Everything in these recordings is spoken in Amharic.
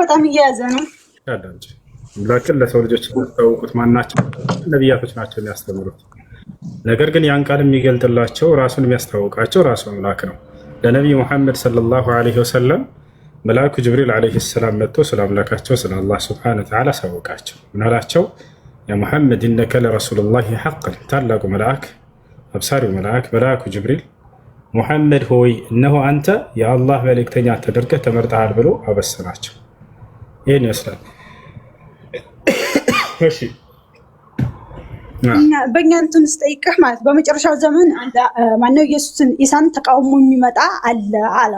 በጣም እየያዘ ነው። ሁላችን ለሰው ልጆች የሚታወቁት ማናቸው ነቢያቶች ናቸው የሚያስተምሩት። ነገር ግን ያን ቃል የሚገልጥላቸው ራሱን የሚያስታውቃቸው ራሱ አምላክ ነው። ለነቢይ ሙሐመድ ሰለላሁ ዐለይሂ ወሰለም መልአኩ ጅብሪል ዐለይሂ ሰላም መጥቶ ስለ አምላካቸው ስለ አላህ ሱብሓነሁ ወተዓላ አሳወቃቸው። ምናላቸው የሙሐመድ ኢነከ ለረሱሉላሂ ሐቅን ታላቁ መልአክ አብሳሪው መልአክ መልአኩ ጅብሪል ሙሐመድ ሆይ እነሆ አንተ የአላህ መልእክተኛ ተደርገህ ተመርጠሃል ብሎ አበሰናቸው። ይህን ይመስላል። እሺ በእኛ እንትን ስጠይቅህ ማለት በመጨረሻው ዘመን ማነው ኢየሱስን ኢሳን ተቃውሞ የሚመጣ አለ አለ።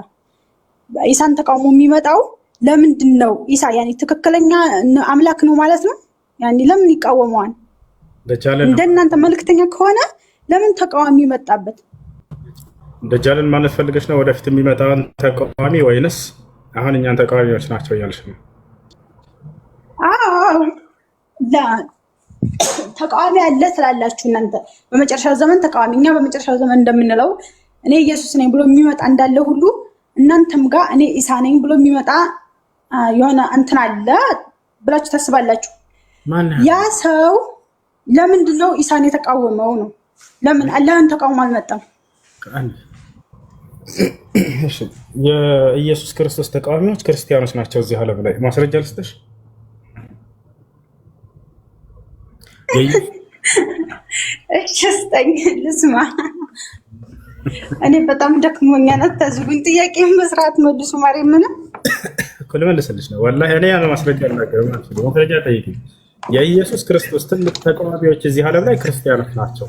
ኢሳን ተቃውሞ የሚመጣው ለምንድን ነው? ኢሳ ያኔ ትክክለኛ አምላክ ነው ማለት ነው። ያኔ ለምን ይቃወመዋል? እንደናንተ መልእክተኛ ከሆነ ለምን ተቃዋሚ መጣበት? ደጃልን ማለት ፈልገች ነው ወደፊት የሚመጣን ተቃዋሚ ወይንስ አሁን እኛን ተቃዋሚዎች ናቸው እያልሽ ነው? ተቃዋሚ አለ ስላላችሁ እናንተ በመጨረሻው ዘመን ተቃዋሚ እኛ በመጨረሻው ዘመን እንደምንለው እኔ ኢየሱስ ነኝ ብሎ የሚመጣ እንዳለ ሁሉ እናንተም ጋር እኔ ኢሳ ነኝ ብሎ የሚመጣ የሆነ እንትን አለ ብላችሁ ታስባላችሁ። ያ ሰው ለምንድን ነው ኢሳን የተቃወመው? ነው ለምን አላህን ተቃውሞ አልመጣም? የኢየሱስ ክርስቶስ ተቃዋሚዎች ክርስቲያኖች ናቸው እዚህ ዓለም ላይ ማስረጃ ልስጥሽ። ስጠኝ ልስማ። እኔ በጣም ደክሞኛል። አታዝጉኝ። ጥያቄ መስራት መልሱ። ማርያም ምን እኮ ልመልስልሽ ነው? ወላሂ እኔ ያለ ማስረጃ አልናገርም። ማስረጃ ጠይቅ። የኢየሱስ ክርስቶስ ትልቅ ተቃዋሚዎች እዚህ ዓለም ላይ ክርስቲያኖች ናቸው።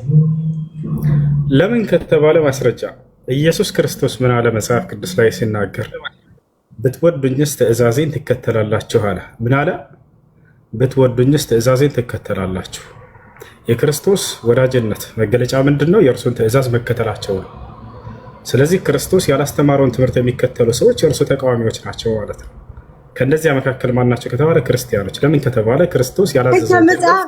ለምን ከተባለ ማስረጃ ኢየሱስ ክርስቶስ ምን አለ መጽሐፍ ቅዱስ ላይ ሲናገር፣ ብትወዱኝስ ትእዛዜን ትከተላላችሁ አለ። ምን አለ ብትወዱኝስ ትእዛዜን ትከተላላችሁ። የክርስቶስ ወዳጅነት መገለጫ ምንድን ነው? የእርሱን ትእዛዝ መከተላቸው ነው። ስለዚህ ክርስቶስ ያላስተማረውን ትምህርት የሚከተሉ ሰዎች የእርሱ ተቃዋሚዎች ናቸው ማለት ነው። ከእነዚያ መካከል ማናቸው ከተባለ ክርስቲያኖች። ለምን ከተባለ ክርስቶስ ያላዘዘው መጽሐፍ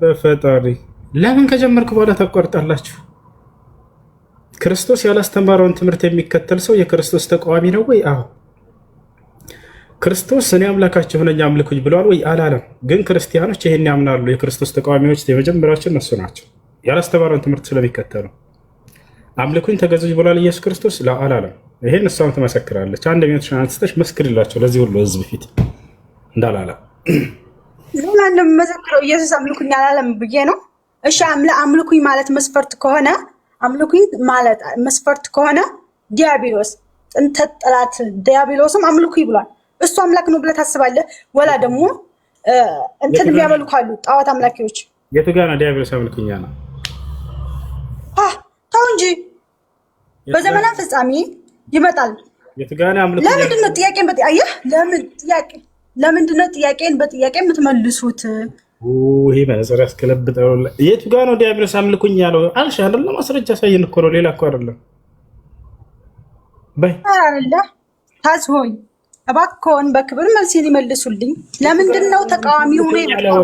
በፈጣሪ ለምን ከጀመርኩ በኋላ ታቋርጣላችሁ? ክርስቶስ ያላስተማረውን ትምህርት የሚከተል ሰው የክርስቶስ ተቃዋሚ ነው ወይ? አሁን ክርስቶስ እኔ አምላካቸው የሆነኝ አምልኩኝ ብለዋል ወይ አላለም? ግን ክርስቲያኖች ይሄን ያምናሉ። የክርስቶስ ተቃዋሚዎች የመጀመሪያዎችን እነሱ ናቸው፣ ያላስተማረውን ትምህርት ስለሚከተሉ። አምልኩኝ ተገዙኝ ብሏል ኢየሱስ ክርስቶስ አላለም? ይሄን እሷም ትመሰክራለች። አንድ ሚኒት ሸናንስተች መስክርላቸው ለዚህ ሁሉ ህዝብ ፊት እንዳላለ ላለም መዘክረው ኢየሱስ አምልኩኝ አላለም ብዬ ነው። እሺ አምልኩኝ ማለት መስፈርት ከሆነ አምልኩኝ ማለት መስፈርት ከሆነ ዲያብሎስ ጥንተ ጠላት ዲያብሎስም አምልኩኝ ብሏል። እሱ አምላክ ነው ብለህ ታስባለህ? ወላ ደግሞ እንትን የሚያመልኩ አሉ፣ ጣዖት አምላኪዎች። የቱ ጋር ነው ዲያብሎስ አምልኮኛ ነው? ተው እንጂ በዘመናት ፍጻሜ ይመጣል። ለምንድን ነው ጥያቄን በጥያቄ ለምን ጥያቄ ለምንድን ነው ጥያቄን በጥያቄ የምትመልሱት? ይሄ መነጽር ያስገለብጠው። የቱ ጋር ነው ዲያብሎስ አምልኩኝ ያለው? አልሽ አይደለ? ማስረጃ ሳይን እኮ ነው፣ ሌላ እኮ አይደለም። በይ ታዝ ሆይ እባክዎን በክብር መልስ ሊመልሱልኝ። ለምንድን ነው ተቃዋሚ ሆኖ የመጣው?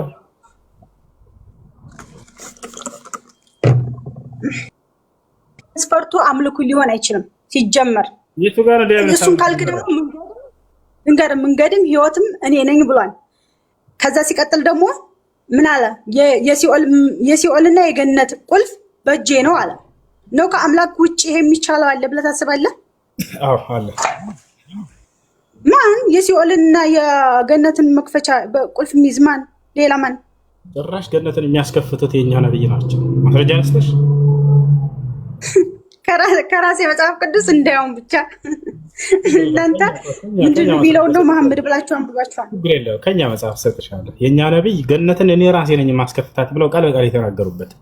መስፈርቱ አምልኩ ሊሆን አይችልም። ሲጀመር እሱን ካልክ ደግሞ መንገድም መንገድም ህይወትም እኔ ነኝ ብሏል። ከዛ ሲቀጥል ደግሞ ምን አለ? የሲኦልና የገነት ቁልፍ በእጄ ነው አለ። ነው ከአምላክ ውጭ ይሄ የሚቻለው አለ ብለህ ታስባለህ? አዎ አለ። ማን የሲኦልንና የገነትን መክፈቻ በቁልፍ የሚይዝ ማን? ሌላ ማን? ጭራሽ ገነትን የሚያስከፍቱት የኛ ነብይ ናቸው። ማስረጃ ያስተሽ ከራሴ መጽሐፍ ቅዱስ እንዳያውም ብቻ እናንተ ምንድን ነው የሚለው ነው መሐመድ ብላችሁ አንብባችኋል። ከኛ መጽሐፍ ሰጥሻለሁ። የእኛ ነቢይ ገነትን እኔ ራሴ ነኝ የማስከፍታት ብለው ቃል በቃል የተናገሩበት።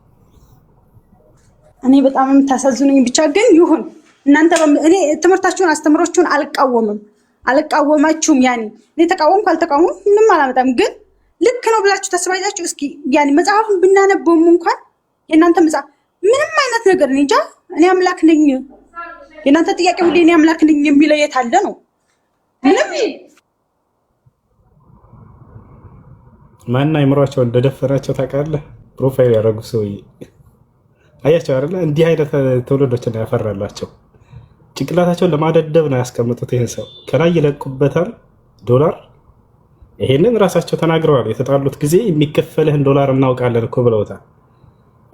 እኔ በጣም የምታሳዝኑኝ ብቻ ግን ይሁን እናንተ እኔ ትምህርታችሁን አስተምሮችሁን አልቃወምም አልቃወማችሁም። ያኔ እኔ ተቃወምኩ አልተቃወምኩም ምንም አላመጣም። ግን ልክ ነው ብላችሁ ታስባላችሁ። እስኪ ያኔ መጽሐፉን ብናነበውም እንኳን የእናንተ መጽሐፍ ምንም አይነት ነገር እኔ እንጃ። እኔ አምላክ ነኝ የእናንተ ጥያቄ ሁሌ እኔ አምላክ ነኝ የሚለው የት አለ ነው? ምንም ማን አይምሯቸው እንደደፈራቸው ታውቃለህ? ፕሮፋይል ያደረጉ ሰውዬ አያቸው አይደለ? እንዲህ አይነት ትውልዶችን ያፈራላቸው ጭንቅላታቸውን ለማደደብ ነው ያስቀምጡት። ይህን ሰው ከላይ ይለቁበታል ዶላር። ይሄንን ራሳቸው ተናግረዋል። የተጣሉት ጊዜ የሚከፈልህን ዶላር እናውቃለን እኮ ብለውታል።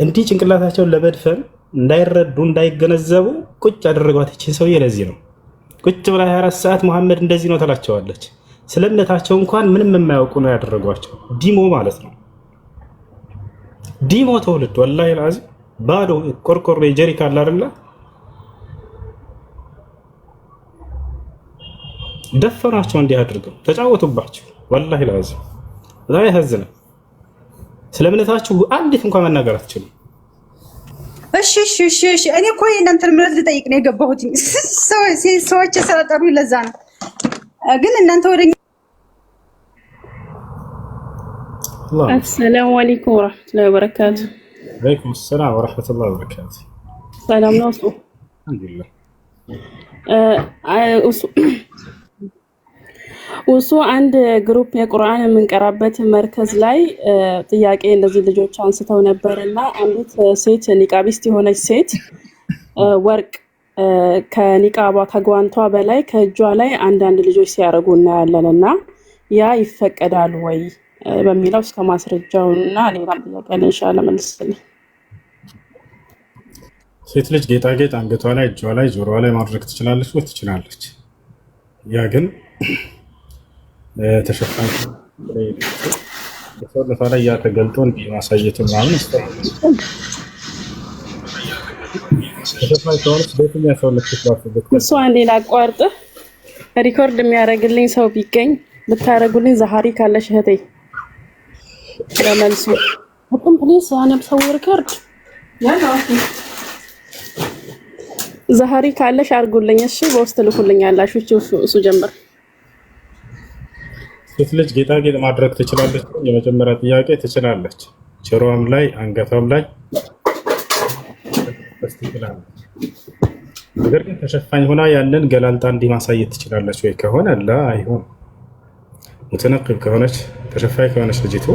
እንዲህ ጭንቅላታቸውን ለመድፈን እንዳይረዱ እንዳይገነዘቡ ቁጭ አደረጓት። ይችን ሰውዬ ለዚህ ነው ቁጭ ብላ 24 ሰዓት መሐመድ እንደዚህ ነው ትላቸዋለች። ስለ እምነታቸው እንኳን ምንም የማያውቁ ነው ያደረጓቸው። ዲሞ ማለት ነው ዲሞ ትውልድ ወላሂ ላዚ ባዶ ቆርቆሮ የጀሪካ አላርላ ደፈራቸው፣ እንዲህ አድርገው ተጫወቱባቸው። ወላሂ ላዚ በጣም ያሳዝናል። ስለ እምነታችሁ አንዲት እንኳን መናገር አትችሉም። እሺ እሺ እሺ እሺ። እኔ እኮ የእናንተን እምነት ልጠይቅ ነው የገባሁት። ሰዎች የሰራጠሩ ለዛ ነው። ግን እናንተ ወደ አሰላሙ አለይኩም ወረሕመቱላሂ ወበረካቱ። አለይኩም ሰላም ወረሕመቱላሂ ወበረካቱ። ሰላም ነው። እሱ አንድ ግሩፕ የቁርአን የምንቀራበት መርከዝ ላይ ጥያቄ እንደዚህ ልጆች አንስተው ነበር እና አንዲት ሴት ኒቃቢስት የሆነች ሴት ወርቅ ከኒቃቧ ከጓንቷ በላይ ከእጇ ላይ አንዳንድ ልጆች ሲያደርጉ እናያለን እና ያ ይፈቀዳል ወይ በሚለው እስከ ማስረጃው እና ሌላ ጥያቄ ኢንሻላህ መልስልኝ። ሴት ልጅ ጌጣጌጥ አንገቷ ላይ፣ እጇ ላይ፣ ጆሮዋ ላይ ማድረግ ትችላለች ወይ? ትችላለች። ያ ግን ተሸፋኝ ሰው ላይ ያ ተገልጦ እንዲህ ማሳየት ምናምን እሷን ሌላ አቋርጥ ሪኮርድ የሚያደርግልኝ ሰው ቢገኝ ብታደርጉልኝ። ዛሀሪ ካለሽ እህቴ ለመልሱ በጣም ፕሊስ ያነብሰው ሪኮርድ ዛሀሪ ካለሽ አድርጉልኝ። እሺ በውስጥ ልኩልኝ ያላችሁ እሱ ጀምር ሴት ልጅ ጌጣጌጥ ማድረግ ትችላለች? የመጀመሪያ ጥያቄ ትችላለች። ጆሮዋም ላይ አንገቷም ላይ ትችላለች። ነገር ግን ተሸፋኝ ሆና ያንን ገላልጣ እንዲህ ማሳየት ትችላለች ወይ? ከሆነ ላ አይሆን ሙትነቅብ ከሆነች ተሸፋኝ ከሆነች ልጅቱ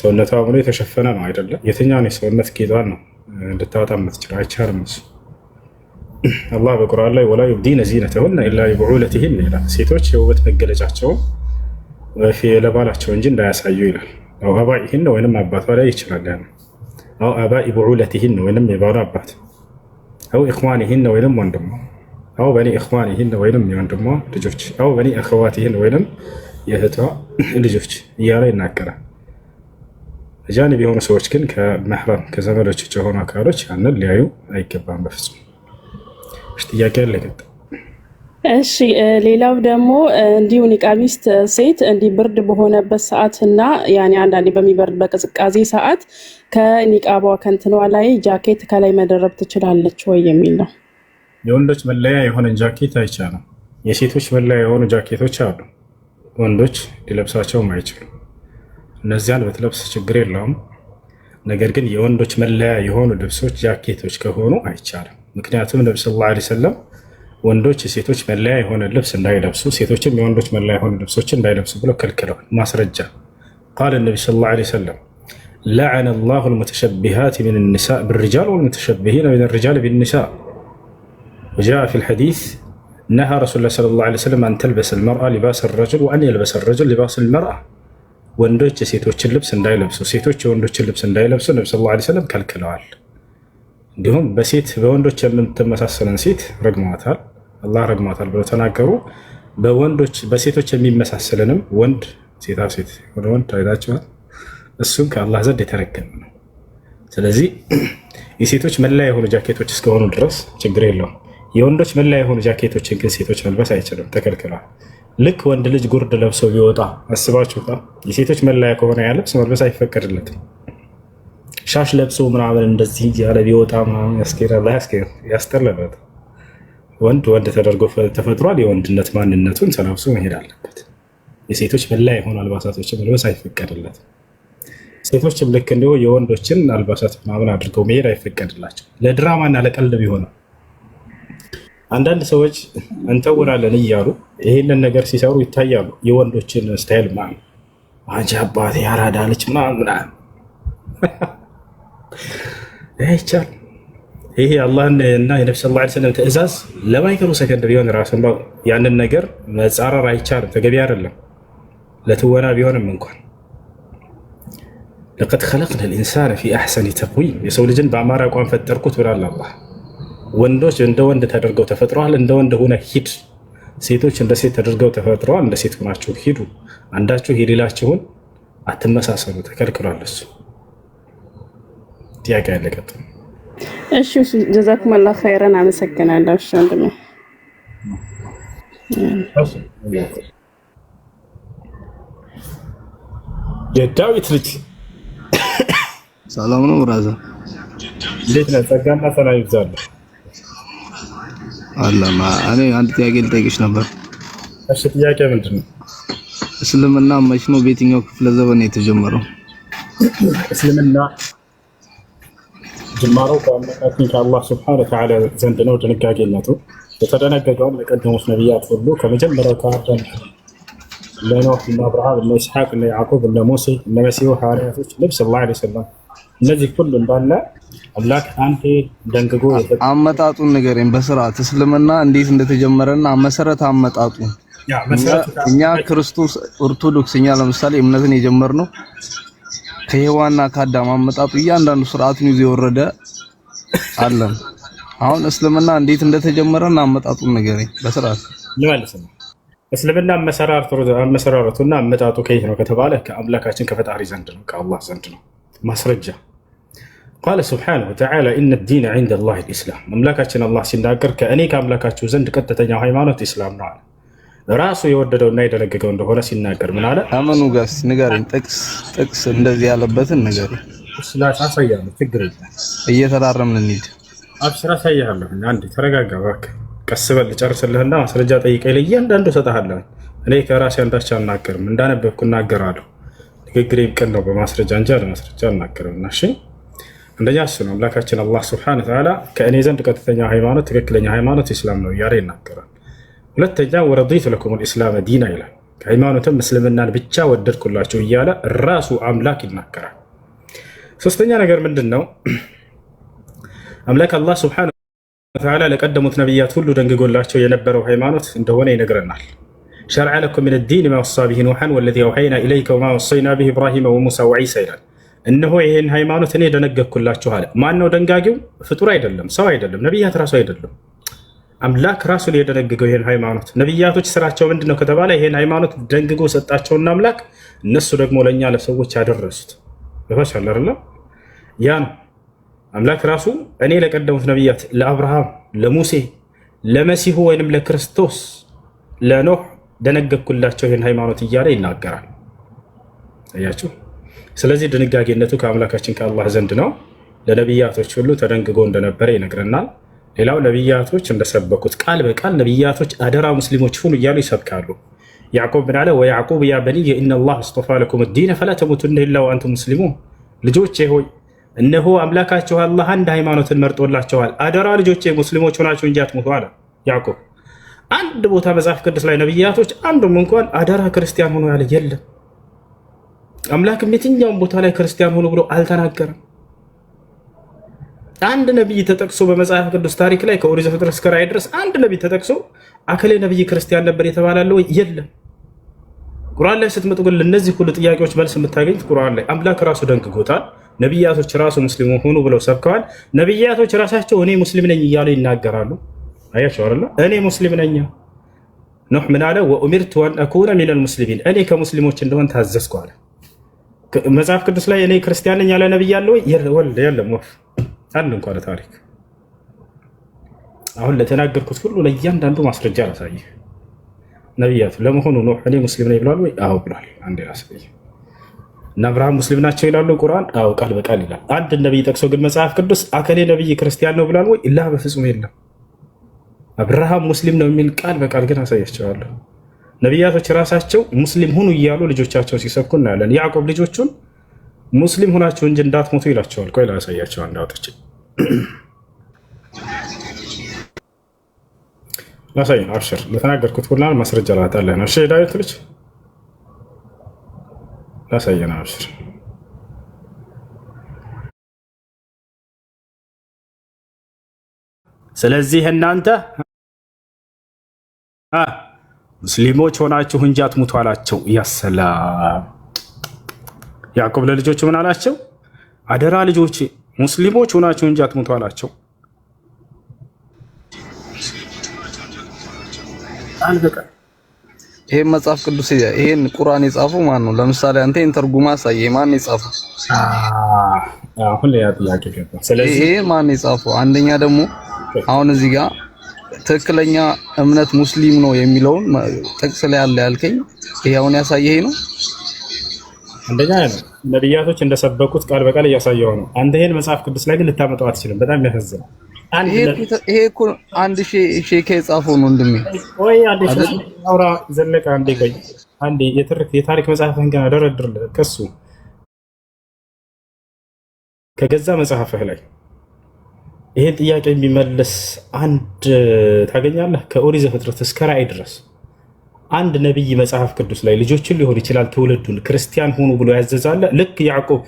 ሰውነቷ ብሎ የተሸፈነ ነው አይደለም። የትኛውን የሰውነት ጌጧን ነው እንድታወጣ የምትችለው? አይቻልም። እሱ አላህ በቁርአን ላይ ወላ ዩብዲነ ዚነተሁና ኢላ ሊቡዑለቲሂን ይላል። ሴቶች የውበት መገለጫቸውን ለባላቸው እንጂ እንዳያሳዩ ይላል። አው አባኢህን ወይንም አባቷ ላይ ይችላል። ያ አው አባኢ ብዑለትህን ወይንም የባሉ አባት፣ አው ኢኽዋንህን ወይንም ወንድሞ አው በኒ ኢኽዋንህን ወይንም የወንድሞ ልጆች፣ አው በኒ አኸዋትህን ወይንም የእህቷ ልጆች እያለ ይናገራል። ጃኒብ የሆኑ ሰዎች ግን ከመሕረም ከዘመዶች የሆኑ አካሎች ያንን ሊያዩ አይገባም በፍጹም። ጥያቄ አለ። እሺ ሌላው ደግሞ እንዲሁ ኒቃቢስት ሴት እንዲህ ብርድ በሆነበት ሰዓት እና ያኔ አንዳንዴ በሚበርድ በቅዝቃዜ ሰዓት ከኒቃቧ ከንትኗ ላይ ጃኬት ከላይ መደረብ ትችላለች ወይ የሚል ነው። የወንዶች መለያ የሆነን ጃኬት አይቻልም። የሴቶች መለያ የሆኑ ጃኬቶች አሉ፣ ወንዶች ሊለብሳቸውም አይችሉ። እነዚያን በትለብስ ችግር የለውም። ነገር ግን የወንዶች መለያ የሆኑ ልብሶች ጃኬቶች ከሆኑ አይቻልም። ምክንያቱም ነቢ ስ ላ ወንዶች ሴቶች መለያ የሆነ ልብስ እንዳይለብሱ ሴቶችም የወንዶች መለያ የሆነ ልብሶች እንዳይለብሱ ብለው ከልክለዋል። ማስረጃ ቃል ነቢ ሰለላሁ ዐለይሂ ወሰለም ለዐነ ላሁ ልሙተሸቢሃት ምን ኒሳ ብሪጃል ወልሙተሸቢሂነ ምን ሪጃል ብኒሳ ወጃአ ፊ ልሐዲስ ነሃ ረሱሉ ላ ሰለላሁ ዐለይሂ ወሰለም አን ተልበስ ልመርአ ሊባስ ረጅል ወአን የልበስ ረጅል ሊባስ ልመርአ ወንዶች የሴቶችን ልብስ እንዳይለብሱ፣ ሴቶች የወንዶችን ልብስ እንዳይለብሱ ነቢ ሰለላሁ ዐለይሂ ወሰለም ከልክለዋል። እንዲሁም በሴት በወንዶች የምትመሳሰለን ሴት ረግመዋታል። አላህ ረግሟታል ብለው ተናገሩ። በወንዶች በሴቶች የሚመሳሰልንም ወንድ ሴታ ሴት የሆነ ወንድ አይታችኋል። እሱም ከአላህ ዘንድ የተረገመ ነው። ስለዚህ የሴቶች መለያ የሆኑ ጃኬቶች እስከሆኑ ድረስ ችግር የለውም። የወንዶች መለያ የሆኑ ጃኬቶችን ግን ሴቶች መልበስ አይችልም፣ ተከልክሏል። ልክ ወንድ ልጅ ጉርድ ለብሶ ቢወጣ አስባችሁታ። የሴቶች መለያ ከሆነ ያ ልብስ መልበስ አይፈቀድለትም። ሻሽ ለብሶ ምናምን እንደዚህ ያለ ቢወጣ ምናምን ያስኬዳል፣ ወንድ ወንድ ተደርጎ ተፈጥሯል። የወንድነት ማንነቱን ተላብሶ መሄድ አለበት። የሴቶች መላ የሆኑ አልባሳቶችን መልበስ አይፈቀድለትም። ሴቶችም ልክ እንዲሁ የወንዶችን አልባሳት ምናምን አድርገው መሄድ አይፈቀድላቸው። ለድራማና ለቀልድ ቢሆንም አንዳንድ ሰዎች እንተውናለን እያሉ ይህንን ነገር ሲሰሩ ይታያሉ። የወንዶችን ስታይል ምናምን አንቺ አባት ያራዳለች ምናምን ምናምን አይቻልም። ይሄ አላህን እና የነቢ ስ ላ ስለም ትእዛዝ ለማይከሩ ሰከንድ ቢሆን ራስን ያንን ነገር መጻረር አይቻልም፣ ተገቢ አይደለም። ለትወና ቢሆንም እንኳን ለቀድ ከለቅነ ልኢንሳን ፊ አሕሰኒ ተቅዊም የሰው ልጅን በአማራ አቋም ፈጠርኩት ብላል አላህ። ወንዶች እንደ ወንድ ተደርገው ተፈጥረዋል፣ እንደ ወንድ ሁነ ሂድ። ሴቶች እንደ ሴት ተደርገው ተፈጥረዋል፣ እንደ ሴት ሆናችሁ ሂዱ። አንዳችሁ የሌላችሁን አትመሳሰሉ፣ ተከልክሏል። እሱ ጥያቄ ያለቀጥ እሺ እሺ፣ ጀዛኩም አላህ ኸይረን። አመሰግናለሁ። እሺ ወንድሜ የዳዊት ልጅ ሰላም ነው። ብራዛ እንዴት ነህ? ጸጋና ሰላም ይብዛልህ። አላማ እኔ አንድ ጥያቄ ልጠይቅሽ ነበር። እሺ፣ ጥያቄ ምንድን ነው? እስልምና መች ነው በየትኛው ክፍለ ዘመን የተጀመረው? እስልምና ጅማሮ በአመጣችን ከአላህ ስብሐነ ወተዓላ ዘንድ ነው። ድንጋጌነቱ የተደነገገውን ለቀደሙት ነቢያት ሁሉ ከመጀመሪያው ከአዳም ለኖህ፣ እነ አብርሃም፣ እነ ኢስሐቅ፣ እነ ያዕቁብ፣ እነ ሙሴ፣ እነ መሲሁ ሐዋርያቶች ልብስ ላ ሰላም እነዚህ ሁሉ እንዳለ አላህ አንዴ ደንግጎ አመጣጡን ንገረኝ በስርዓት እስልምና እንዴት እንደተጀመረና መሰረት አመጣጡ እኛ ክርስቶስ ኦርቶዶክስ እኛ ለምሳሌ እምነትን የጀመርነው ከሔዋና ከአዳም አመጣጡ እያንዳንዱ ስርዓቱን ይዞ የወረደ አለን። አሁን እስልምና እንዴት እንደተጀመረና አመጣጡን ንገረኝ በስርዓት ልመልስ። እስልምና አመሰራረቱና አመጣጡ ከየት ነው ከተባለ ከአምላካችን ከፈጣሪ ዘንድ ነው፣ ከአላህ ዘንድ ነው። ማስረጃ ቃለ ስብሓነሁ ወተዓላ ኢነ ዲነ ዒንደ ላሂ ልኢስላም። አምላካችን አላህ ሲናገር ከእኔ ከአምላካችሁ ዘንድ ቀጥተኛው ሃይማኖት ኢስላም ነው አለ። ራሱ የወደደው እና የደነገገው እንደሆነ ሲናገር ምን አለ? አመኑ ጋስ ንገረኝ፣ ጥቅስ ጥቅስ እንደዚህ ያለበትን ንገር። ስላሳ አሳያለሁ፣ ችግር የለም። እየተራረምን እንሂድ። አብሽር አሳያለሁ። አንዴ ተረጋጋ እባክህ፣ ቀስ በል ጨርስልህና ማስረጃ ጠይቀኝ፣ ለእያንዳንዱ እሰጥሃለሁ። እኔ ከራሴ አንዳች አናገርም፣ እንዳነበብኩ እናገራለሁ። ንግግር ይብቅል ነው በማስረጃ እንጂ አለማስረጃ አናገርም። እና እሺ እንደኛ እሱ ነው አምላካችን አላህ ስብሐነ ወተዓላ ከእኔ ዘንድ ቀጥተኛ ሃይማኖት፣ ትክክለኛ ሃይማኖት ኢስላም ነው እያለ ይናገራል። ሁለተኛ ወረዲቱ ለኩም ልእስላም ዲና ይላል። ሃይማኖትም እስልምናን ብቻ ወደድኩላቸው እያለ ራሱ አምላክ ይናገራል። ሶስተኛ ነገር ምንድን ነው? አምላክ አላህ ስብሐነሁ ወተዓላ ለቀደሙት ነቢያት ሁሉ ደንግጎላቸው የነበረው ሃይማኖት እንደሆነ ይነግረናል። ሸርዐ ለኩም ምን ዲን ማ ወሳ ብሂ ኑሐን ወለዚ አውሐይና ኢለይከ ወማ ወሰይና ብሂ ኢብራሂመ ወሙሳ ወዒሳ ይላል። እነሆ ይህን ሃይማኖት እኔ ደነገግኩላችሁ አለ። ማን ነው ደንጋጊው? ፍጡር አይደለም፣ ሰው አይደለም፣ ነቢያት ራሱ አይደለም አምላክ ራሱ የደነግገው ይህን ሃይማኖት ነቢያቶች ስራቸው ምንድን ነው ከተባለ ይህን ሃይማኖት ደንግጎ ሰጣቸውና አምላክ እነሱ ደግሞ ለእኛ ለሰዎች ያደረሱት በታች አለ ያ ነው አምላክ ራሱ እኔ ለቀደሙት ነቢያት ለአብርሃም፣ ለሙሴ፣ ለመሲሁ ወይንም ለክርስቶስ፣ ለኖህ ደነገግኩላቸው ይህን ሃይማኖት እያለ ይናገራል። አያችሁ። ስለዚህ ድንጋጌነቱ ከአምላካችን ከአላህ ዘንድ ነው። ለነቢያቶች ሁሉ ተደንግጎ እንደነበረ ይነግረናል። ሌላው ነቢያቶች እንደሰበኩት ቃል በቃል ነቢያቶች አደራ ሙስሊሞች ሁኑ እያሉ ይሰብካሉ። ያዕቆብ ምን አለ? ወያዕቆብ ያ በንየ ላ አስጠፋ ለኩም ዲነ ፈላ ተሙቱነ ኢላ ወአንቱም ሙስሊሙን። ልጆቼ ሆይ እነሆ አምላካችሁ አላህ አንድ ሃይማኖትን መርጦላቸዋል። አደራ ልጆቼ ሙስሊሞች ሆናችሁ እንጂ አትሙቱ አለ ያዕቆብ። አንድ ቦታ መጽሐፍ ቅዱስ ላይ ነቢያቶች አንዱም እንኳን አደራ ክርስቲያን ሆኖ ያለ የለም። አምላክም የትኛውም ቦታ ላይ ክርስቲያን ሆኖ ብሎ አልተናገረም። አንድ ነቢይ ተጠቅሶ በመጽሐፍ ቅዱስ ታሪክ ላይ ከኦሪት ዘፍጥረት እስከ ራዕይ ድረስ አንድ ነቢይ ተጠቅሶ አከሌ ነቢይ ክርስቲያን ነበር የተባላለ ወይ? የለም። ቁርአን ላይ ስትመጡ ግን ለእነዚህ ሁሉ ጥያቄዎች መልስ የምታገኙት ቁርአን ላይ። አምላክ ራሱ ደንግጎታል። ነቢያቶች ራሱ ሙስሊሙ ሆኑ ብለው ሰብከዋል። ነቢያቶች ራሳቸው እኔ ሙስሊም ነኝ እያሉ ይናገራሉ። አያቸው አለ እኔ ሙስሊም ነኝ። ኖህ ምን አለ? ወኡሚርቱ አን አኩነ ሚነል ሙስሊሚን እኔ ከሙስሊሞች እንደሆን ታዘዝኩ አለ። መጽሐፍ ቅዱስ ላይ እኔ ክርስቲያን ነኝ ያለ ነቢይ አለ ወይ? የለም። አንድ እንኳን ታሪክ አሁን ለተናገርኩት ሁሉ ለእያንዳንዱ ማስረጃ ላሳይ። ነቢያቱ ለመሆኑ ኖ እኔ ሙስሊም ነኝ ብሏል ወይ? አዎ ብሏል። አንዴ ላሳይህ። እና አብርሃም ሙስሊም ናቸው ይላሉ ቁርአን? አዎ ቃል በቃል ይላል። አንድ ነቢይ ጠቅሶ ግን መጽሐፍ ቅዱስ አከሌ ነቢይ ክርስቲያን ነው ብሏል ወይ? ላ በፍጹም የለም። አብርሃም ሙስሊም ነው የሚል ቃል በቃል ግን አሳያቸዋለሁ። ነቢያቶች ራሳቸው ሙስሊም ሁኑ እያሉ ልጆቻቸውን ሲሰብኩ እናያለን። ያዕቆብ ልጆቹን ሙስሊም ሆናችሁ እንጂ እንዳትሞቱ ይላቸዋል። ቆይ ላሳያቸው አንድ አውጥቼ ላሳይ። አብሽር ለተናገርኩት ሁላ ማስረጃ ላጣለህ ነው። እሺ ዳዊት ልጅ ላሳየን። አብሽር ስለዚህ እናንተ ሙስሊሞች ሆናችሁ እንጂ አትሙቱ አላቸው። ያሰላም ያዕቆብ ለልጆች ምን አላቸው? አደራ ልጆቼ ሙስሊሞች ሆናችሁ እንጂ አትሙቱ አላቸው። ይሄን መጽሐፍ ቅዱስ ይሄን ቁርአን የጻፈው ማን ነው? ለምሳሌ አንተ ኢንተርጉማ ሳይ ማን ይሄን ተርጉማ ሳየ ማን ስለዚህ ይሄ ማን የጻፈው? አንደኛ ደግሞ አሁን እዚህ ጋር ትክክለኛ እምነት ሙስሊም ነው የሚለውን ጥቅስ ላይ አለ ያልከኝ ይሄ አሁን ያሳየ ነው አንደኛ ነብያቶች እንደሰበኩት ቃል በቃል እያሳየው ነው። አንድ ይሄን መጽሐፍ ቅዱስ ላይ ግን ልታመጣው አትችልም። በጣም የሚያሳዝነው ይሄ እኮ አንድ ሼክ የጻፈው ነው። ወንድሜ ወይ አንዴ አውራ ዘለቀ አንዴ ቆይ አንዴ የትርክ የታሪክ መጽሐፍህን ገና ደረድርልህ ከሱ ከገዛ መጽሐፍህ ላይ ይሄን ጥያቄ የሚመልስ አንድ ታገኛለህ? ከኦሪት ዘፍጥረት እስከ ራእይ ድረስ አንድ ነቢይ መጽሐፍ ቅዱስ ላይ ልጆችን ሊሆን ይችላል ትውልዱን ክርስቲያን ሁኑ ብሎ ያዘዛለ ልክ ያዕቆብ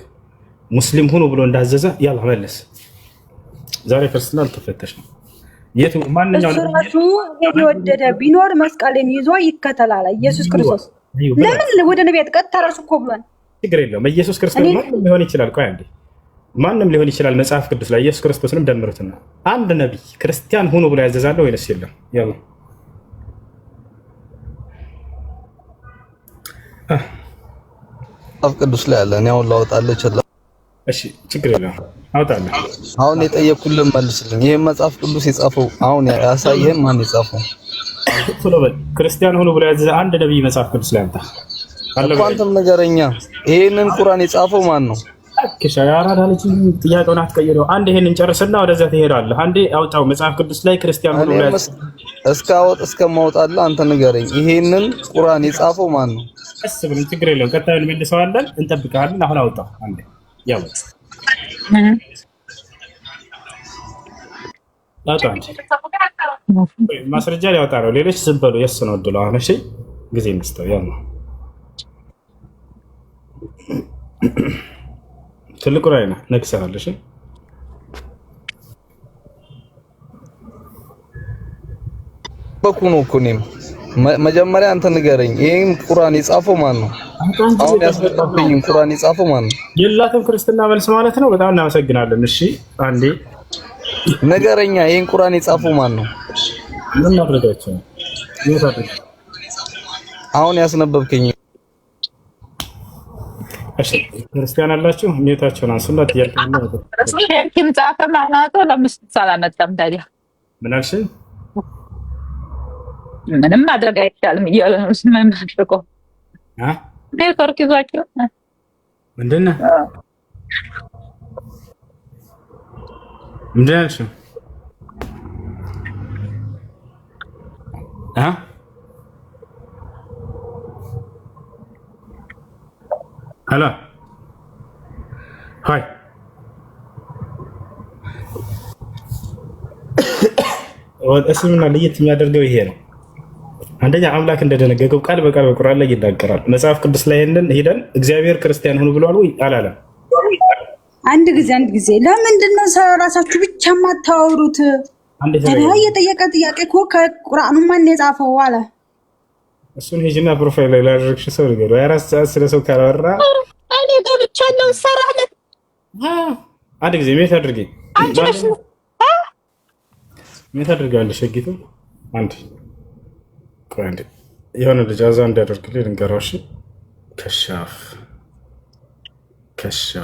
ሙስሊም ሁኑ ብሎ እንዳዘዘ ያላህ መለስ። ዛሬ ክርስትና አልተፈተሽ ነው። እራሱ የወደደ ቢኖር መስቀልን ይዞ ይከተላል። ኢየሱስ ክርስቶስ ለምን ወደ ነቢያት ቀጥታ ራሱ እኮ ብሏል። ችግር የለውም። ኢየሱስ ክርስቶስ ማንም ሊሆን ይችላል። ቆይ አንዴ ማንም ሊሆን ይችላል። መጽሐፍ ቅዱስ ላይ ኢየሱስ ክርስቶስንም ደምሩትና አንድ ነቢይ ክርስቲያን ሁኑ ብሎ ያዘዛለ ወይንስ የለም? መጽሐፍ ቅዱስ ላይ አለ። እኔ አሁን ላውጣለህ ይችላል። እሺ ችግር የለም አውጣለህ። አሁን የጠየኩልን መልስልኝ። ይሄ መጽሐፍ ቅዱስ የጻፈው አሁን ያሳየህን ማን የጻፈው? ቶሎ በል ክርስቲያን ሆኖ ብለህ ያዘህ አንድ ነብይ መጽሐፍ ቅዱስ ላይ አምጣ። አንተም ነገረኛ፣ ይሄንን ቁርአን የጻፈው ማን ነው? አክሻ ያራዳ ልጅ ጥያቄውን አትቀይረው። አንድ ይሄንን ጨርስና ወደዛ ትሄዳለህ። አንዴ አውጣው መጽሐፍ ቅዱስ ላይ ክርስቲያን ሁሉ ብለህ እስካወጥ እስከማውጣልህ አንተ ንገረኝ። ይሄንን ቁርአን የጻፈው ማን ነው? ቀስ ብለን ችግር የለውም። ቀጣዩን መልሰዋለን፣ እንጠብቃለን። አሁን አውጣው አንዴ ያው ማስረጃ ሊያወጣ ነው። ሌሎች ዝም በሉ። የሱ ነው እድሉ። አሁን እሺ፣ ጊዜ እንስጠው። ያው ነው ትልቁ ላይ ነው። ነግሰናል። እሺ በኩኑ ነው እኮ እኔም መጀመሪያ አንተ ንገረኝ፣ ይሄን ቁርአን የጻፈው ማን ነው? አሁን ያስመጣብኝ ቁርአን የጻፈው ማን ነው? የላትም ክርስትና መልስ ማለት ነው። በጣም እናመሰግናለን። እሺ አንዴ ንገረኛ፣ ይሄን ቁርአን የጻፈው ማን ነው? ምን ማድረጋቸው አሁን ያስነበብከኝ ክርስቲያን አላችሁ? ኔታቸውን አንሱና ጥያቄ ነው። ጻፈ ማናቶ ለምስት ሳላመጣም ታዲያ ምን አልሽኝ? ምንም ማድረግ አይቻልም እያለ ነው። ምን አድርገው ኔትወርክ ይዟቸው ምንድን ምንድን አልሽኝ? ሄሎ ሀይ እስልምና ለየት የሚያደርገው ይሄ ነው። አንደኛ አምላክ እንደደነገገው ቃል በቃል በቁርአን ላይ ይናገራል። መጽሐፍ ቅዱስ ላይ ንን ሄደን እግዚአብሔር ክርስቲያን ሁኑ ብሏል ወይ አላለም? አንድ ጊዜ አንድ ጊዜ ለምንድን ነው ራሳችሁ ብቻ የማታወሩት? ተድሀ የጠየቀ ጥያቄ እኮ ከቁርአኑ ማን የጻፈው አለ። እሱን ሂጂና ፕሮፋይል ላይ ላደረግሽ ሰው ነገር የራስ ስለ ሰው ካላወራ እኔ ገብቻለሁ እሰራለሁ። አንድ ጊዜ ሜት አድርጌ ሜት አድርጌዋለሁ ሸጊቱ አንድ የሆነ ልጅ አዛ እንዲያደርግልኝ ልንገራው። ከሻፍ ከሻፍ